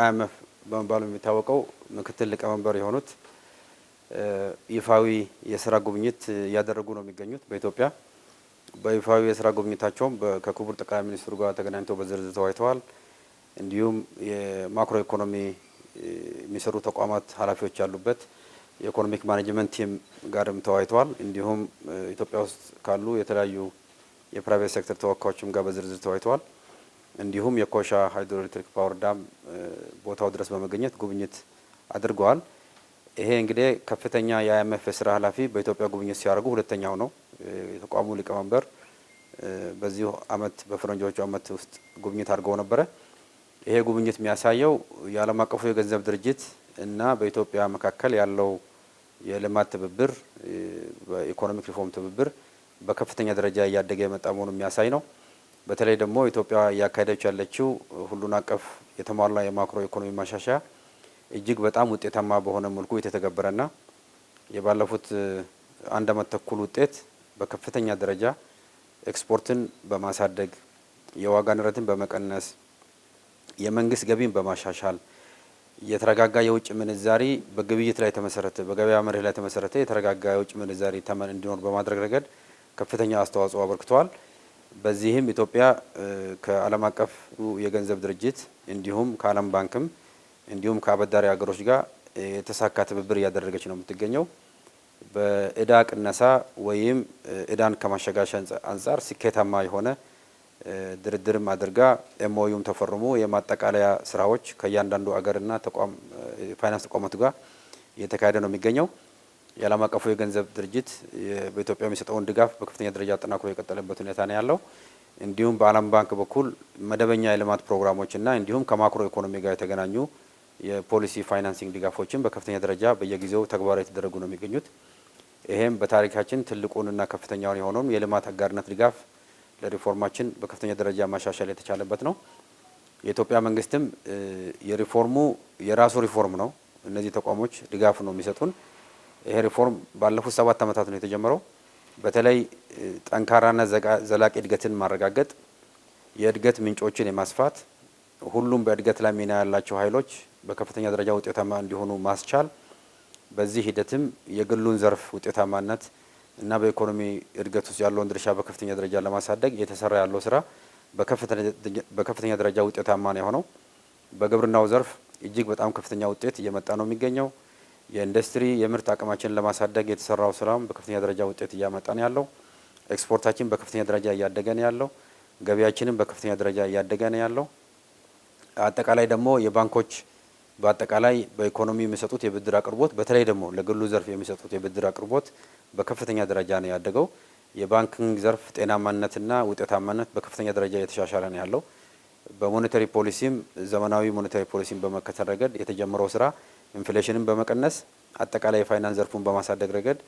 አይኤምኤፍ በመባሉ የሚታወቀው ምክትል ሊቀመንበር የሆኑት ይፋዊ የስራ ጉብኝት እያደረጉ ነው የሚገኙት በኢትዮጵያ። በይፋዊ የስራ ጉብኝታቸውም ከክቡር ጠቅላይ ሚኒስትሩ ጋር ተገናኝተው በዝርዝር ተወያይተዋል። እንዲሁም የማክሮ ኢኮኖሚ የሚሰሩ ተቋማት ኃላፊዎች ያሉበት የኢኮኖሚክ ማኔጅመንት ቲም ጋርም ተወያይተዋል። እንዲሁም ኢትዮጵያ ውስጥ ካሉ የተለያዩ የፕራይቬት ሴክተር ተወካዮችም ጋር በዝርዝር ተወያይተዋል። እንዲሁም የኮሻ ሃይድሮኤሌክትሪክ ፓወር ዳም ቦታው ድረስ በመገኘት ጉብኝት አድርገዋል። ይሄ እንግዲህ ከፍተኛ የአይኤምኤፍ የስራ ኃላፊ በኢትዮጵያ ጉብኝት ሲያደርጉ ሁለተኛው ነው። የተቋሙ ሊቀመንበር በዚሁ አመት በፈረንጆቹ አመት ውስጥ ጉብኝት አድርገው ነበረ። ይሄ ጉብኝት የሚያሳየው የዓለም አቀፉ የገንዘብ ድርጅት እና በኢትዮጵያ መካከል ያለው የልማት ትብብር በኢኮኖሚክ ሪፎርም ትብብር በከፍተኛ ደረጃ እያደገ የመጣ መሆኑ የሚያሳይ ነው። በተለይ ደግሞ ኢትዮጵያ እያካሄደች ያለችው ሁሉን አቀፍ የተሟላ የማክሮ ኢኮኖሚ ማሻሻያ እጅግ በጣም ውጤታማ በሆነ መልኩ የተተገበረና የባለፉት አንድ ዓመት ተኩል ውጤት በከፍተኛ ደረጃ ኤክስፖርትን በማሳደግ የዋጋ ንረትን በመቀነስ የመንግስት ገቢን በማሻሻል የተረጋጋ የውጭ ምንዛሪ በግብይት ላይ ተመሰረተ በገበያ መርህ ላይ ተመሰረተ የተረጋጋ የውጭ ምንዛሪ ተመን እንዲኖር በማድረግ ረገድ ከፍተኛ አስተዋጽኦ አበርክተዋል። በዚህም ኢትዮጵያ ከዓለም አቀፍ የገንዘብ ድርጅት እንዲሁም ከዓለም ባንክም እንዲሁም ከአበዳሪ ሀገሮች ጋር የተሳካ ትብብር እያደረገች ነው የምትገኘው። በእዳ ቅነሳ ወይም እዳን ከማሸጋሸ አንጻር ስኬታማ የሆነ ድርድርም አድርጋ ኤምኦዩም ተፈርሞ የማጠቃለያ ስራዎች ከእያንዳንዱ አገርና ፋይናንስ ተቋማቱ ጋር እየተካሄደ ነው የሚገኘው። የዓለም አቀፉ የገንዘብ ድርጅት በኢትዮጵያ የሚሰጠውን ድጋፍ በከፍተኛ ደረጃ አጠናክሮ የቀጠለበት ሁኔታ ነው ያለው። እንዲሁም በዓለም ባንክ በኩል መደበኛ የልማት ፕሮግራሞችና እንዲሁም ከማክሮ ኢኮኖሚ ጋር የተገናኙ የፖሊሲ ፋይናንሲንግ ድጋፎችን በከፍተኛ ደረጃ በየጊዜው ተግባራዊ የተደረጉ ነው የሚገኙት። ይሄም በታሪካችን ትልቁንና ከፍተኛውን የሆነውን የልማት አጋርነት ድጋፍ ለሪፎርማችን በከፍተኛ ደረጃ ማሻሻል የተቻለበት ነው። የኢትዮጵያ መንግስትም የሪፎርሙ የራሱ ሪፎርም ነው። እነዚህ ተቋሞች ድጋፍ ነው የሚሰጡን ይሄ ሪፎርም ባለፉት ሰባት ዓመታት ነው የተጀመረው። በተለይ ጠንካራና ዘላቂ እድገትን ማረጋገጥ፣ የእድገት ምንጮችን የማስፋት፣ ሁሉም በእድገት ላይ ሚና ያላቸው ኃይሎች በከፍተኛ ደረጃ ውጤታማ እንዲሆኑ ማስቻል፣ በዚህ ሂደትም የግሉን ዘርፍ ውጤታማነት እና በኢኮኖሚ እድገት ውስጥ ያለውን ድርሻ በከፍተኛ ደረጃ ለማሳደግ የተሰራ ያለው ስራ በከፍተኛ ደረጃ ውጤታማ ነው የሆነው። በግብርናው ዘርፍ እጅግ በጣም ከፍተኛ ውጤት እየመጣ ነው የሚገኘው። የኢንዱስትሪ የምርት አቅማችንን ለማሳደግ የተሰራው ስራም በከፍተኛ ደረጃ ውጤት እያመጣ ነው ያለው። ኤክስፖርታችን በከፍተኛ ደረጃ እያደገ ነው ያለው። ገቢያችንም በከፍተኛ ደረጃ እያደገ ነው ያለው። አጠቃላይ ደግሞ የባንኮች በአጠቃላይ በኢኮኖሚ የሚሰጡት የብድር አቅርቦት በተለይ ደግሞ ለግሉ ዘርፍ የሚሰጡት የብድር አቅርቦት በከፍተኛ ደረጃ ነው ያደገው። የባንኪንግ ዘርፍ ጤናማነትና ውጤታማነት በከፍተኛ ደረጃ የተሻሻለ ነው ያለው። በሞኔታሪ ፖሊሲም ዘመናዊ ሞኔታሪ ፖሊሲም በመከተል ረገድ የተጀመረው ስራ ኢንፍሌሽንን በመቀነስ አጠቃላይ የፋይናንስ ዘርፉን በማሳደግ ረገድ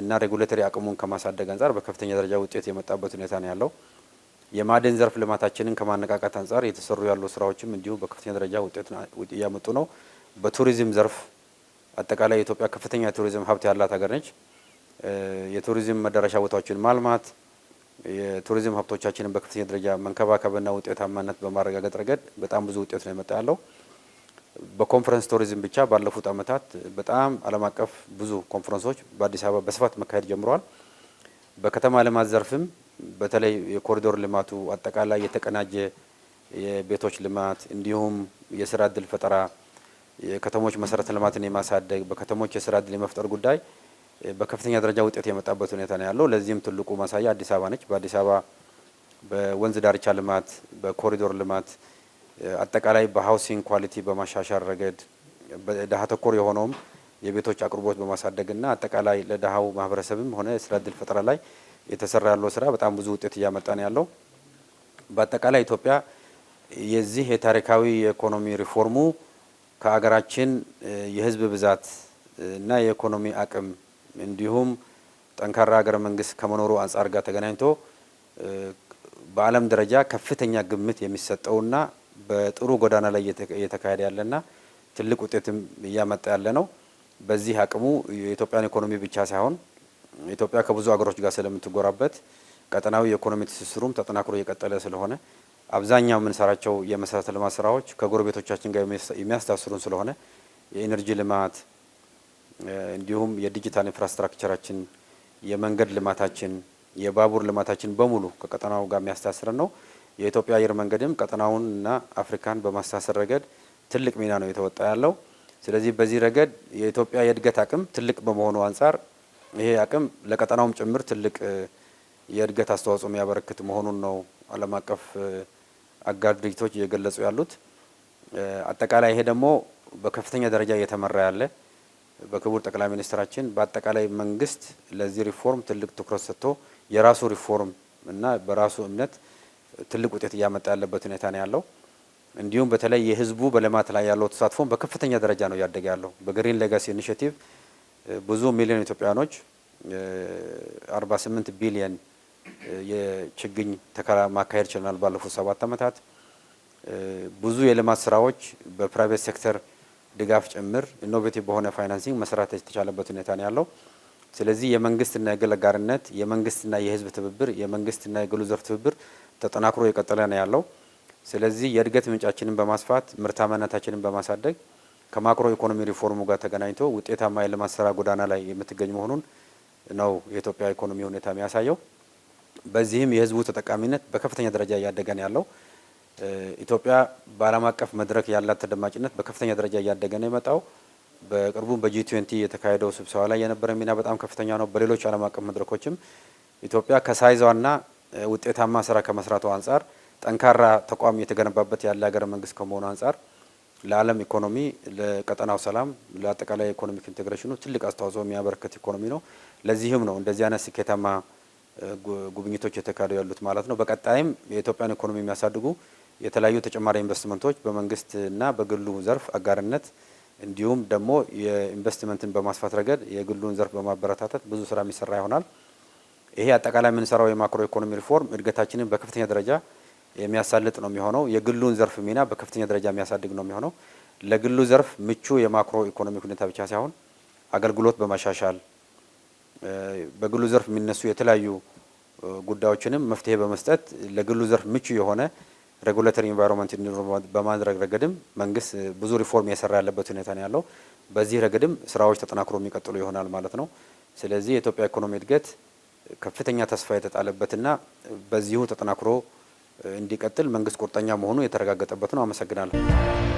እና ሬጉሌተሪ አቅሙን ከማሳደግ አንጻር በከፍተኛ ደረጃ ውጤት የመጣበት ሁኔታ ነው ያለው። የማዕድን ዘርፍ ልማታችንን ከማነቃቃት አንጻር የተሰሩ ያሉ ስራዎችም እንዲሁ በከፍተኛ ደረጃ ውጤት እያመጡ ነው። በቱሪዝም ዘርፍ አጠቃላይ የኢትዮጵያ ከፍተኛ የቱሪዝም ሀብት ያላት ሀገር ነች። የቱሪዝም መዳረሻ ቦታዎችን ማልማት፣ የቱሪዝም ሀብቶቻችንን በከፍተኛ ደረጃ መንከባከብና ውጤታማነት በማረጋገጥ ረገድ በጣም ብዙ ውጤት ነው የመጣ ያለው። በኮንፈረንስ ቱሪዝም ብቻ ባለፉት ዓመታት በጣም ዓለም አቀፍ ብዙ ኮንፈረንሶች በአዲስ አበባ በስፋት መካሄድ ጀምረዋል። በከተማ ልማት ዘርፍም በተለይ የኮሪዶር ልማቱ አጠቃላይ የተቀናጀ የቤቶች ልማት እንዲሁም የስራ እድል ፈጠራ፣ የከተሞች መሰረተ ልማትን የማሳደግ በከተሞች የስራ እድል የመፍጠር ጉዳይ በከፍተኛ ደረጃ ውጤት የመጣበት ሁኔታ ነው ያለው። ለዚህም ትልቁ ማሳያ አዲስ አበባ ነች። በአዲስ አበባ በወንዝ ዳርቻ ልማት፣ በኮሪዶር ልማት አጠቃላይ በሀውሲንግ ኳሊቲ በማሻሻል ረገድ ድሀ ተኮር የሆነውም የቤቶች አቅርቦት በማሳደግና አጠቃላይ ለድሀው ማህበረሰብም ሆነ ስራ እድል ፈጠራ ላይ የተሰራ ያለው ስራ በጣም ብዙ ውጤት እያመጣ ነው ያለው። በአጠቃላይ ኢትዮጵያ የዚህ የታሪካዊ የኢኮኖሚ ሪፎርሙ ከሀገራችን የህዝብ ብዛት እና የኢኮኖሚ አቅም እንዲሁም ጠንካራ ሀገረ መንግስት ከመኖሩ አንጻር ጋር ተገናኝቶ በዓለም ደረጃ ከፍተኛ ግምት የሚሰጠውና በጥሩ ጎዳና ላይ እየተካሄደ ያለና ትልቅ ውጤትም እያመጣ ያለ ነው። በዚህ አቅሙ የኢትዮጵያን ኢኮኖሚ ብቻ ሳይሆን ኢትዮጵያ ከብዙ ሀገሮች ጋር ስለምትጎራበት ቀጠናዊ የኢኮኖሚ ትስስሩም ተጠናክሮ እየቀጠለ ስለሆነ አብዛኛው የምንሰራቸው የመሰረተ ልማት ስራዎች ከጎረቤቶቻችን ጋር የሚያስታስሩን ስለሆነ የኢነርጂ ልማት እንዲሁም የዲጂታል ኢንፍራስትራክቸራችን፣ የመንገድ ልማታችን፣ የባቡር ልማታችን በሙሉ ከቀጠናው ጋር የሚያስታስረን ነው። የኢትዮጵያ አየር መንገድም ቀጠናውን እና አፍሪካን በማስተሳሰር ረገድ ትልቅ ሚና ነው የተወጣ ያለው። ስለዚህ በዚህ ረገድ የኢትዮጵያ የእድገት አቅም ትልቅ በመሆኑ አንጻር ይሄ አቅም ለቀጠናውም ጭምር ትልቅ የእድገት አስተዋጽኦ የሚያበረክት መሆኑን ነው ዓለም አቀፍ አጋር ድርጅቶች እየገለጹ ያሉት። አጠቃላይ ይሄ ደግሞ በከፍተኛ ደረጃ እየተመራ ያለ በክቡር ጠቅላይ ሚኒስትራችን በአጠቃላይ መንግስት ለዚህ ሪፎርም ትልቅ ትኩረት ሰጥቶ የራሱ ሪፎርም እና በራሱ እምነት ትልቅ ውጤት እያመጣ ያለበት ሁኔታ ነው ያለው። እንዲሁም በተለይ የህዝቡ በልማት ላይ ያለው ተሳትፎን በከፍተኛ ደረጃ ነው እያደገ ያለው። በግሪን ሌጋሲ ኢኒሽቲቭ ብዙ ሚሊዮን ኢትዮጵያኖች 48 ቢሊየን የችግኝ ተከላ ማካሄድ ችለናል ባለፉት ሰባት ዓመታት። ብዙ የልማት ስራዎች በፕራይቬት ሴክተር ድጋፍ ጭምር ኢኖቬቲቭ በሆነ ፋይናንሲንግ መስራት የተቻለበት ሁኔታ ነው ያለው። ስለዚህ የመንግስትና የግል አጋርነት፣ የመንግስትና የህዝብ ትብብር፣ የመንግስትና የግሉ ዘርፍ ትብብር ተጠናክሮ የቀጠለ ነው ያለው። ስለዚህ የእድገት ምንጫችንን በማስፋት ምርታማነታችንን በማሳደግ ከማክሮ ኢኮኖሚ ሪፎርሙ ጋር ተገናኝቶ ውጤታማ የልማት ስራ ጎዳና ላይ የምትገኝ መሆኑን ነው የኢትዮጵያ ኢኮኖሚ ሁኔታ የሚያሳየው። በዚህም የህዝቡ ተጠቃሚነት በከፍተኛ ደረጃ እያደገ ነው ያለው። ኢትዮጵያ በዓለም አቀፍ መድረክ ያላት ተደማጭነት በከፍተኛ ደረጃ እያደገ ነው የመጣው። በቅርቡም በጂ ትዌንቲ የተካሄደው ስብሰባ ላይ የነበረ ሚና በጣም ከፍተኛ ነው። በሌሎች ዓለም አቀፍ መድረኮችም ኢትዮጵያ ከሳይዟና ውጤታማ ስራ ከመስራቱ አንጻር ጠንካራ ተቋም እየተገነባበት ያለ ሀገረ መንግስት ከመሆኑ አንጻር ለዓለም ኢኮኖሚ፣ ለቀጠናው ሰላም፣ ለአጠቃላይ ኢኮኖሚክ ኢንቴግሬሽኑ ትልቅ አስተዋጽኦ የሚያበረከት ኢኮኖሚ ነው። ለዚህም ነው እንደዚህ አይነት ስኬታማ ጉብኝቶች የተካሄዱ ያሉት ማለት ነው። በቀጣይም የኢትዮጵያን ኢኮኖሚ የሚያሳድጉ የተለያዩ ተጨማሪ ኢንቨስትመንቶች በመንግስትና በግሉ ዘርፍ አጋርነት እንዲሁም ደግሞ የኢንቨስትመንትን በማስፋት ረገድ የግሉን ዘርፍ በማበረታታት ብዙ ስራ የሚሰራ ይሆናል። ይሄ አጠቃላይ የምንሰራው የማክሮ ኢኮኖሚ ሪፎርም እድገታችንን በከፍተኛ ደረጃ የሚያሳልጥ ነው የሚሆነው። የግሉን ዘርፍ ሚና በከፍተኛ ደረጃ የሚያሳድግ ነው የሚሆነው። ለግሉ ዘርፍ ምቹ የማክሮ ኢኮኖሚ ሁኔታ ብቻ ሳይሆን አገልግሎት በማሻሻል በግሉ ዘርፍ የሚነሱ የተለያዩ ጉዳዮችንም መፍትሄ በመስጠት ለግሉ ዘርፍ ምቹ የሆነ ሬጉሌተሪ ኢንቫይሮንመንት እንዲኖር በማድረግ ረገድም መንግስት ብዙ ሪፎርም እየሰራ ያለበት ሁኔታ ነው ያለው። በዚህ ረገድም ስራዎች ተጠናክሮ የሚቀጥሉ ይሆናል ማለት ነው። ስለዚህ የኢትዮጵያ ኢኮኖሚ እድገት ከፍተኛ ተስፋ የተጣለበትና በዚሁ ተጠናክሮ እንዲቀጥል መንግስት ቁርጠኛ መሆኑ የተረጋገጠበት ነው። አመሰግናለሁ።